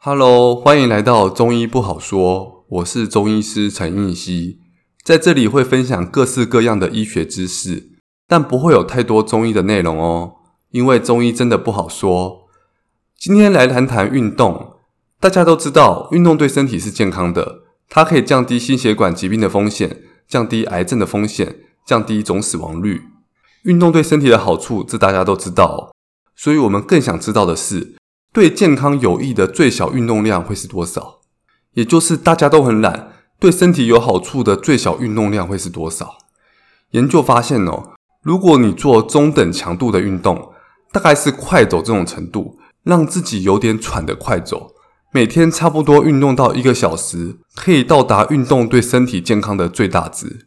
Hello，歡迎來到中醫不好說。我是中醫師陳應希，在這裡會分享各式各樣的醫學知識，但不會有太多中醫的內容哦，因為中醫真的不好說。今天來談談運動，大家都知道運動對身體是健康的，它可以降低心血管疾病的風險，降低癌症的風險，降低總死亡率。運動對身體的好處，這大家都知道。所以我們更想知道的是，對健康有益的最小運動量會是多少？也就是大家都很懶，對身體有好處的最小運動量會是多少？研究發現哦，如果你做中等強度的運動，大概是快走這種程度，讓自己有點喘的快走，每天差不多運動到一個小時，可以到達運動對身體健康的最大值。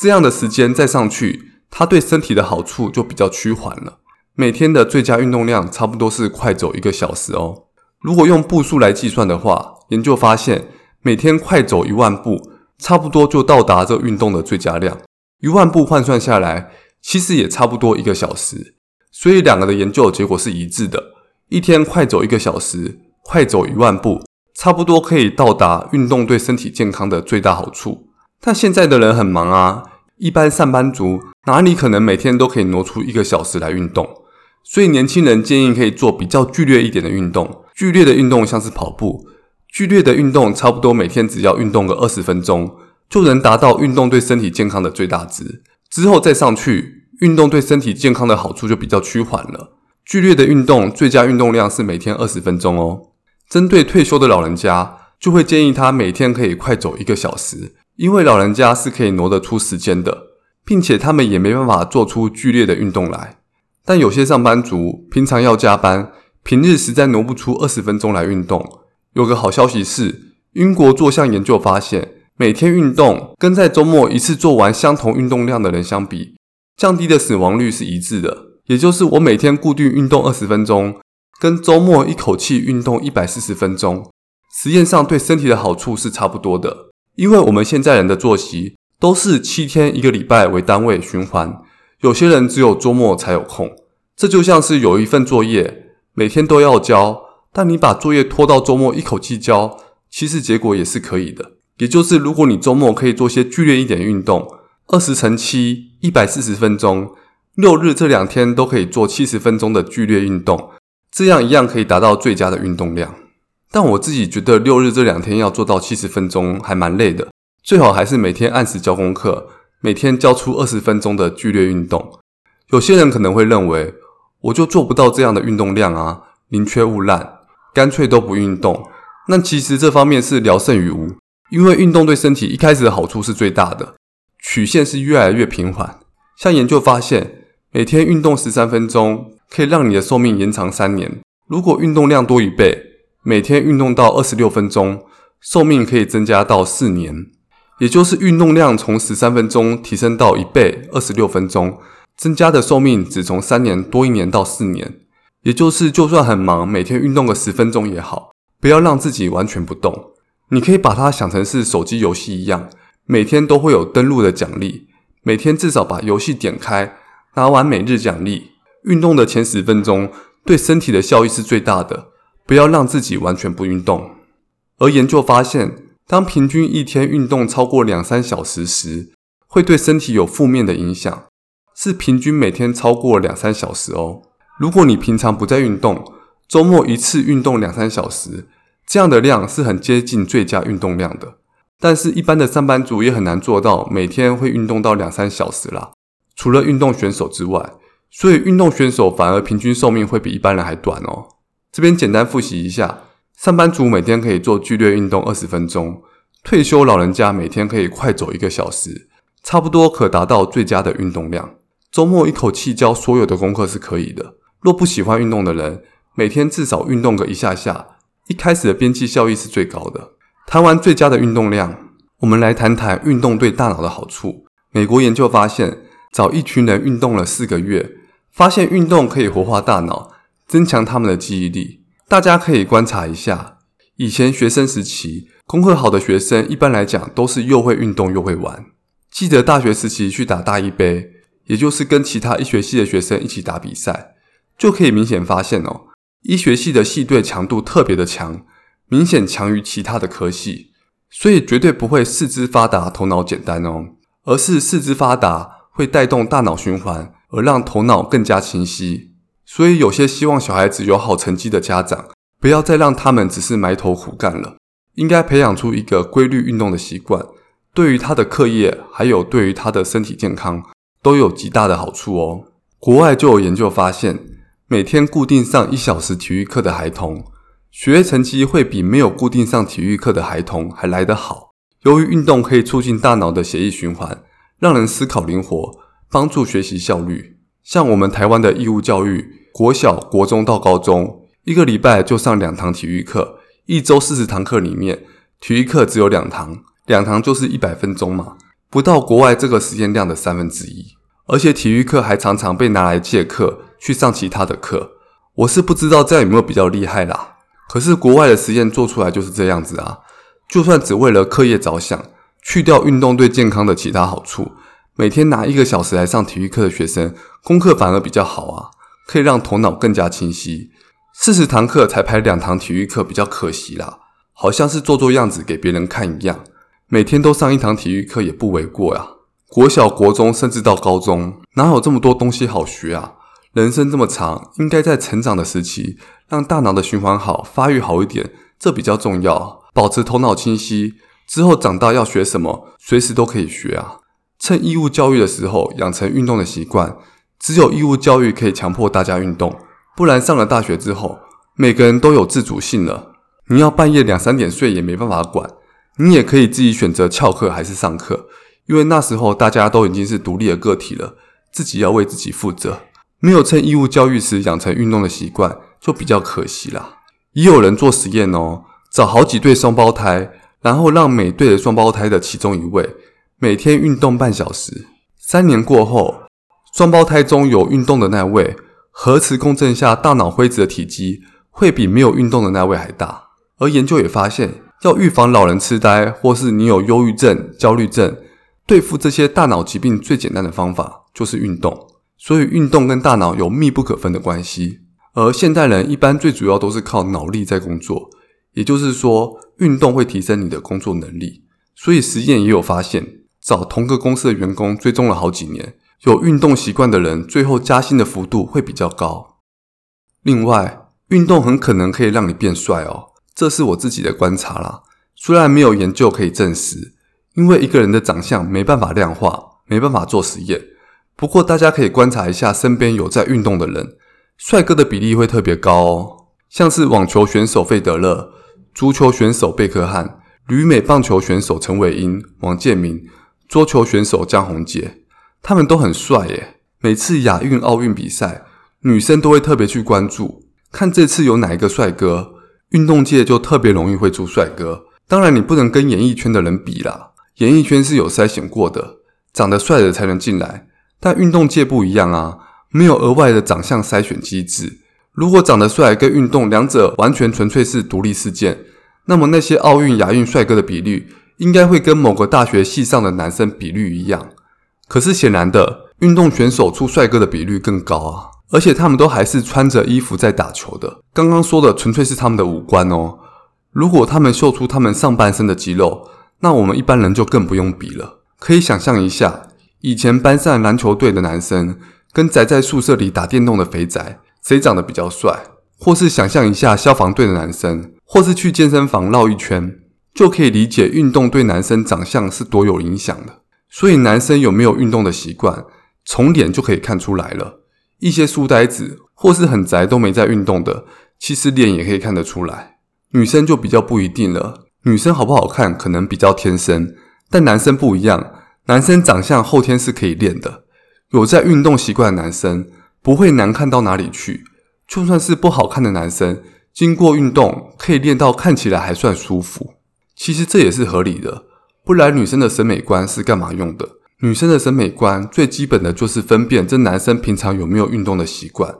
這樣的時間再上去，它對身體的好處就比較趨緩了。每天的最佳運動量差不多是快走一個小時哦。如果用步數來計算的話，研究發現每天快走一萬步，差不多就到達這運動的最佳量。一萬步換算下來，其實也差不多一個小時。所以兩個的研究結果是一致的。一天快走一個小時，快走一萬步，差不多可以到達運動對身體健康的最大好處。但現在的人很忙啊，一般上班族哪裡可能每天都可以挪出一個小時來運動？所以年輕人建議可以做比較劇烈一點的運動，劇烈的運動像是跑步，劇烈的運動差不多每天只要運動個二十分鐘，就能達到運動對身體健康的最大值。之後再上去，運動對身體健康的好處就比較趨緩了。劇烈的運動最佳運動量是每天二十分鐘哦。針對退休的老人家，就會建議他每天可以快走一個小時，因為老人家是可以挪得出時間的，並且他們也沒辦法做出劇烈的運動來。但有些上班族平常要加班，平日實在挪不出二十分鐘來運動。有個好消息是，英國做項研究發現，每天運動跟在周末一次做完相同運動量的人相比，降低的死亡率是一致的。也就是我每天固定運動二十分鐘，跟周末一口氣運動一百四十分鐘，實驗上對身體的好處是差不多的。因為我們現在人的作息都是七天一個禮拜為單位循環。有些人只有週末才有空，這就像是有一份作業，每天都要交，但你把作業拖到週末一口氣交，其實結果也是可以的。也就是，如果你週末可以做些劇烈一點運動，二十乘七一百四十分鐘，六日這兩天都可以做七十分鐘的劇烈運動，這樣一樣可以達到最佳的運動量。但我自己覺得六日這兩天要做到七十分鐘還蠻累的，最好還是每天按時交功課。每天交出二十分鐘的劇烈運動，有些人可能會認為我就做不到這樣的運動量啊，寧缺毋濫，乾脆都不運動。那其實這方面是聊勝於無，因為運動對身體一開始的好處是最大的，曲線是越來越平緩。像研究發現，每天運動十三分鐘可以讓你的壽命延長三年，如果運動量多一倍，每天運動到二十六分鐘，壽命可以增加到四年。也就是運動量從十三分鐘提升到一倍，二十六分鐘，增加的壽命只從三年多一年到四年。也就是就算很忙，每天運動個十分鐘也好，不要讓自己完全不動。你可以把它想成是手機遊戲一樣，每天都會有登錄的獎勵，每天至少把遊戲點開，拿完每日獎勵。運動的前十分鐘對身體的效益是最大的，不要讓自己完全不運動。而研究發現，當平均一天運動超過兩三小時時，會對身體有負面的影響。是平均每天超過兩三小時哦。如果你平常不在運動，週末一次運動兩三小時，這樣的量是很接近最佳運動量的。但是，一般的上班族也很難做到每天會運動到兩三小時啦。除了運動選手之外，所以運動選手反而平均壽命會比一般人還短哦。這邊簡單複習一下。上班族每天可以做劇烈運動二十分鐘，退休老人家每天可以快走一個小時，差不多可達到最佳的運動量。周末一口氣交所有的功課是可以的。若不喜歡運動的人，每天至少運動個一下下，一開始的邊際效益是最高的。談完最佳的運動量，我們來談談運動對大腦的好處。美國研究發現，找一群人運動了四個月，發現運動可以活化大腦，增強他們的記憶力。大家可以觀察一下，以前學生時期功課好的學生，一般來講都是又會運動又會玩。記得大學時期去打大一杯，也就是跟其他醫學系的學生一起打比賽，就可以明顯發現哦，醫學系的系隊強度特別的強，明顯強於其他的科系，所以絕對不會四肢發達頭腦簡單哦，而是四肢發達會帶動大腦循環，而讓頭腦更加清晰。所以，有些希望小孩子有好成績的家長，不要再讓他們只是埋頭苦幹了，應該培養出一個規律運動的習慣，對於他的課業，還有對於他的身體健康，都有極大的好處哦。國外就有研究發現，每天固定上一小時體育課的孩童，學業成績會比沒有固定上體育課的孩童還來得好。由於運動可以促進大腦的血液循環，讓人思考靈活，幫助學習效率。像我們台灣的義務教育，國小、國中到高中，一個禮拜就上兩堂體育課，一周四十堂課裡面，體育課只有兩堂，兩堂就是一百分鐘嘛，不到國外這個實驗量的三分之一。而且體育課還常常被拿來借課去上其他的課，我是不知道這樣有沒有比較厲害啦。可是國外的實驗做出來就是這樣子啊，就算只為了課業着想，去掉運動對健康的其他好處。每天拿一個小時來上體育課的學生，功課反而比較好啊，可以讓頭腦更加清晰。四十堂課才排兩堂體育課，比較可惜啦，好像是做做樣子給別人看一樣。每天都上一堂體育課也不為過呀。國小、國中甚至到高中，哪有這麼多東西好學啊？人生這麼長，應該在成長的時期，讓大腦的循環好、發育好一點，這比較重要。保持頭腦清晰，之後長大要學什麼，隨時都可以學啊。趁義務教育的時候養成運動的習慣，只有義務教育可以強迫大家運動，不然上了大學之後，每個人都有自主性了，你要半夜兩三點睡也沒辦法管，你也可以自己選擇翹課還是上課，因為那時候大家都已經是獨立的個體了，自己要為自己負責。沒有趁義務教育時養成運動的習慣，就比較可惜啦。也有人做實驗哦，找好幾對雙胞胎，然後讓每對的雙胞胎的其中一位。每天運動半小時，三年過後，雙胞胎中有運動的那位，核磁共振下大腦灰質的體積會比沒有運動的那位還大。而研究也發現，要預防老人痴呆，或是你有憂鬱症、焦慮症，對付這些大腦疾病最簡單的方法就是運動。所以，運動跟大腦有密不可分的關係。而現代人一般最主要都是靠腦力在工作，也就是說，運動會提升你的工作能力。所以，實驗也有發現。找同個公司的員工追蹤了好幾年，有運動習慣的人，最後加薪的幅度會比較高。另外，運動很可能可以讓你變帥哦，這是我自己的觀察啦。雖然沒有研究可以證實，因為一個人的長相沒辦法量化，沒辦法做實驗。不過大家可以觀察一下身邊有在運動的人，帥哥的比例會特別高哦。像是網球選手費德勒、足球選手貝克漢、旅美棒球選手陳偉殷、王建民。桌球選手江宏杰，他們都很帥耶。每次亞運、奧運比賽，女生都會特別去關注，看這次有哪一個帥哥。運動界就特別容易會出帥哥，當然你不能跟演藝圈的人比啦，演藝圈是有篩選過的，長得帥的才能進來。但運動界不一樣啊，沒有額外的長相篩選機制。如果長得帥跟運動兩者完全純粹是獨立事件，那麼那些奧運、亞運帥哥的比率，應該會跟某個大學系上的男生比率一樣，可是顯然的，運動選手出帥哥的比率更高啊！而且他們都還是穿着衣服在打球的。剛剛說的純粹是他們的五官哦。如果他們秀出他們上半身的肌肉，那我們一般人就更不用比了。可以想象一下，以前班上籃球隊的男生跟宅在宿舍裡打電動的肥宅，誰長得比較帥？或是想象一下消防隊的男生，或是去健身房繞一圈。就可以理解運動對男生長相是多有影響的，所以男生有沒有運動的習慣，從臉就可以看出來了。一些書呆子或是很宅都沒在運動的，其實臉也可以看得出來。女生就比較不一定了，女生好不好看可能比較天生，但男生不一樣，男生長相後天是可以練的。有在運動習慣的男生不會難看到哪裡去，就算是不好看的男生，經過運動可以練到看起來還算舒服。其實這也是合理的，不然女生的審美觀是幹嘛用的？女生的審美觀最基本的就是分辨這男生平常有沒有運動的習慣，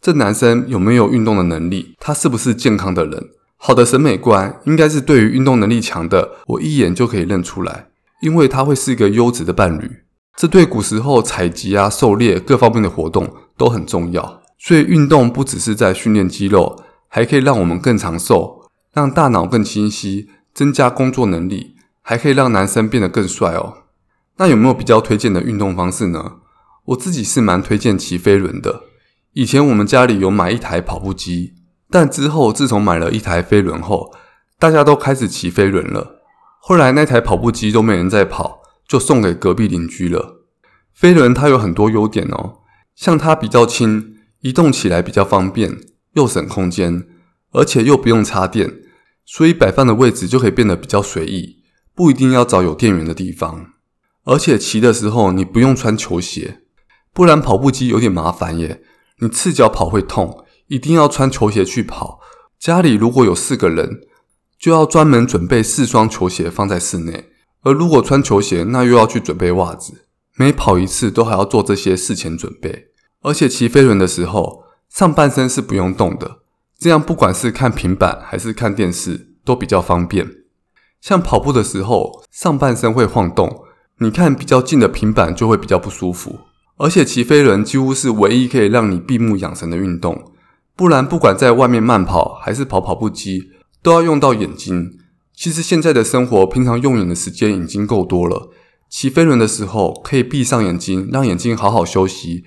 這男生有沒有運動的能力，他是不是健康的人？好的審美觀應該是對於運動能力強的，我一眼就可以認出來，因為他會是一個優質的伴侶。這對古時候採集啊、狩獵各方面的活動都很重要。所以運動不只是在訓練肌肉，還可以讓我們更長壽，讓大腦更清晰，增加工作能力，還可以讓男生變得更帥哦。那有沒有比較推薦的運動方式呢？我自己是蠻推薦騎飛輪的。以前我們家裡有買一台跑步機，但之後自從買了一台飛輪後，大家都開始騎飛輪了。後來那台跑步機都沒人在跑，就送給隔壁鄰居了。飛輪它有很多優點哦，像它比較輕，移動起來比較方便，又省空間，而且又不用插電。所以擺放的位置就可以變得比較隨意，不一定要找有電源的地方。而且騎的時候你不用穿球鞋，不然跑步機有點麻煩耶。你赤腳跑會痛，一定要穿球鞋去跑。家裡如果有四個人，就要專門準備四雙球鞋放在室內。而如果穿球鞋，那又要去準備襪子，每跑一次都還要做這些事前準備。而且騎飛輪的時候，上半身是不用動的。這樣不管是看平板還是看電視都比較方便。像跑步的時候，上半身會晃動，你看比較近的平板就會比較不舒服。而且騎飛輪幾乎是唯一可以讓你閉目養神的運動，不然不管在外面慢跑還是跑跑步機，都要用到眼睛。其實現在的生活平常用眼的時間已經夠多了，騎飛輪的時候可以閉上眼睛，讓眼睛好好休息，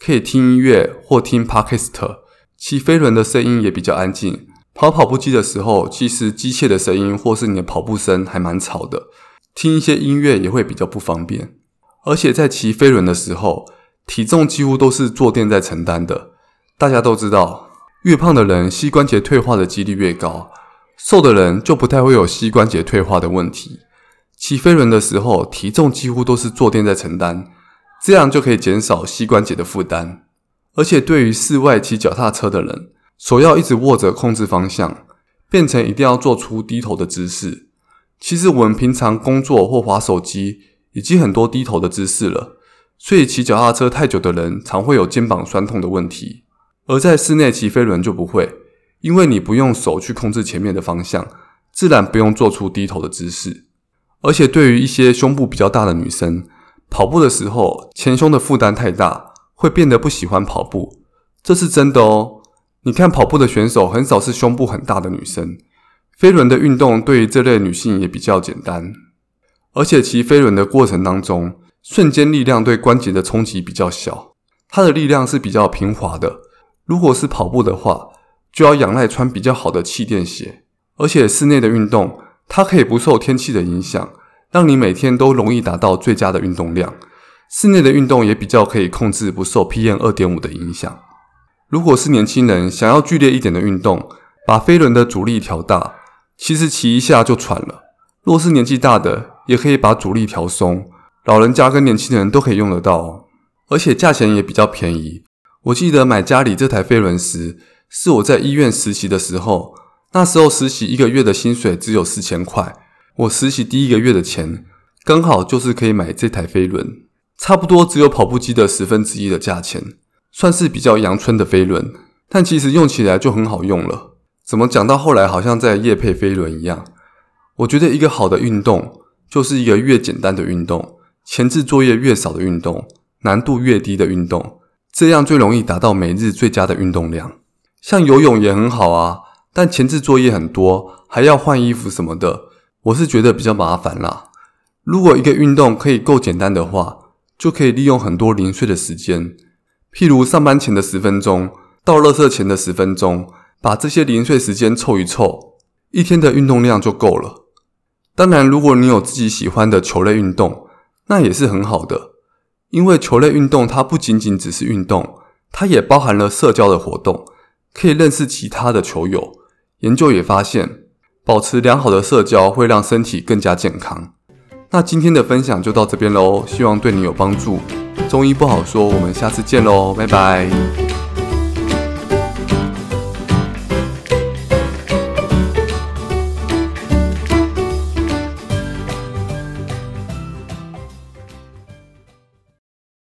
可以聽音樂或聽 Podcast。騎飛輪的聲音也比較安靜。跑跑步機的時候，其實機械的聲音或是你的跑步聲還蠻吵的，聽一些音樂也會比較不方便。而且在騎飛輪的時候，體重幾乎都是坐墊在承擔的。大家都知道，越胖的人膝關節退化的幾率越高，瘦的人就不太會有膝關節退化的問題。騎飛輪的時候，體重幾乎都是坐墊在承擔，這樣就可以減少膝關節的負擔。而且對於室外騎腳踏車的人，手要一直握着控制方向，變成一定要做出低頭的姿勢。其實我們平常工作或滑手機，已經很多低頭的姿勢了，所以騎腳踏車太久的人常會有肩膀酸痛的問題。而在室內騎飛輪就不會，因為你不用手去控制前面的方向，自然不用做出低頭的姿勢。而且對於一些胸部比較大的女生，跑步的時候前胸的負擔太大。會變得不喜歡跑步，這是真的哦。你看，跑步的選手很少是胸部很大的女生。飛輪的運動對於這類女性也比較簡單，而且騎飛輪的過程當中，瞬間力量對關節的衝擊比較小，它的力量是比較平滑的。如果是跑步的話，就要仰賴穿比較好的氣墊鞋，而且室內的運動，它可以不受天氣的影響，讓你每天都容易達到最佳的運動量。室內的運動也比較可以控制，不受 PM 二點五的影響。如果是年輕人想要劇烈一點的運動，把飛輪的阻力調大，其實騎一下就喘了。若是年紀大的，也可以把阻力調鬆，老人家跟年輕人都可以用得到哦，而且價錢也比較便宜。我記得買家裡這台飛輪時，是我在醫院實習的時候，那時候實習一個月的薪水只有四千塊，我實習第一個月的錢剛好就是可以買這台飛輪。差不多只有跑步機的十分之一的價錢，算是比較陽春的飛輪，但其實用起來就很好用了。怎麼講到後來好像在業配飛輪一樣？我覺得一個好的運動就是一個越簡單的運動，前置作業越少的運動，難度越低的運動，這樣最容易達到每日最佳的運動量。像游泳也很好啊，但前置作業很多，還要換衣服什麼的，我是覺得比較麻煩啦。如果一個運動可以夠簡單的話，就可以利用很多零碎的時間，譬如上班前的十分鐘，到垃圾前的十分鐘，把這些零碎時間湊一湊，一天的運動量就夠了。當然，如果你有自己喜歡的球類運動，那也是很好的，因為球類運動它不僅僅只是運動，它也包含了社交的活動，可以認識其他的球友。研究也發現，保持良好的社交會讓身體更加健康。那今天的分享就到這邊嘍，希望對你有幫助。中醫不好說，我們下次見嘍，拜拜。